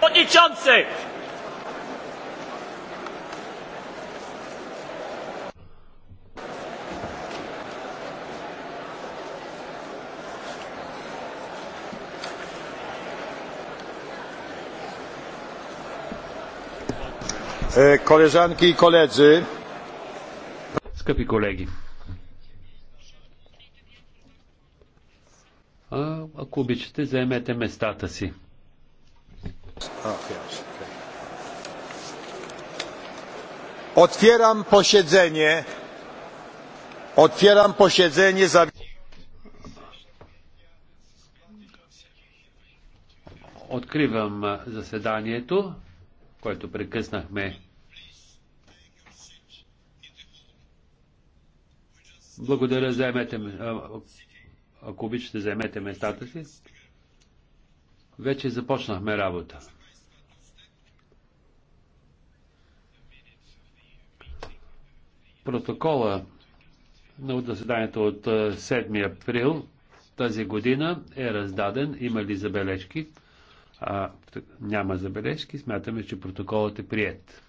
Przewodniczący! E, koleżanki i koledzy. Скъпи колеги, ако обичате, заемете местата си. Otwieram posiedzenie. Otwieram posiedzenie. Откривам заседанието, което прекъснахме. Благодаря, заемете, ако обичате, заемете местата си. Вече започнахме работа. Протокола на заседанието от 7 е, април тази година е раздаден. Има ли забележки? А, няма забележки. Смятаме, че протоколът е прият.